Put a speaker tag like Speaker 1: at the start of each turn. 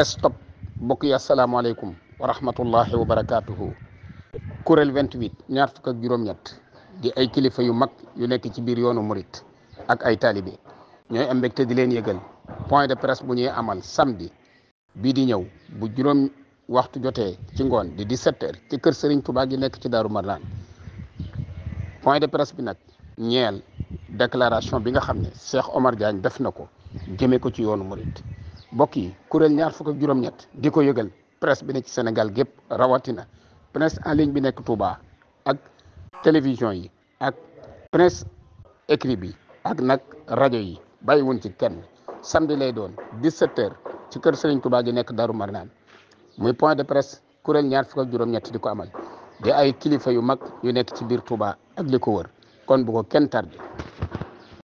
Speaker 1: stop mbokk yi asalaamaaleykum wa rahmatullahi wa barakaatuhu. kuréel 28 ñaar fukk ak juróom-ñett di ay kilifa yu mag yu nekk ci biir yoonu murit ak ay taalibe ñooy am mbégte di leen yëgal point de presse bu ñuy amal samdi bii di ñëw bu juróom waxtu jotee ci ngoon di di h ci kër Serigne Touba gi nekk ci Daaru Marnaan point de presse bi nag ñeel déclaration bi nga xam ne Cheikh Omar Diagne def na ko jëmee ko ci yoonu murit mbokk yi kuréel ñaar fukk ak juróom-ñett di ko yëgal presse bi ne ci Sénégal gépp rawatina presse en ligne bi nekk Touba ak télévision yi ak press écrit bi ak nag rajo yi bàyyiwuñ ci kenn samedi lay doon 17h ci kër Serigne Touba gi nekk daru Marnaan muy point de presse kuréel ñaar fukk ak juróom-ñett di ko amal di ay kilifa yu mag yu nekk ci biir Touba ak li ko wër kon bu ko kenn tardé.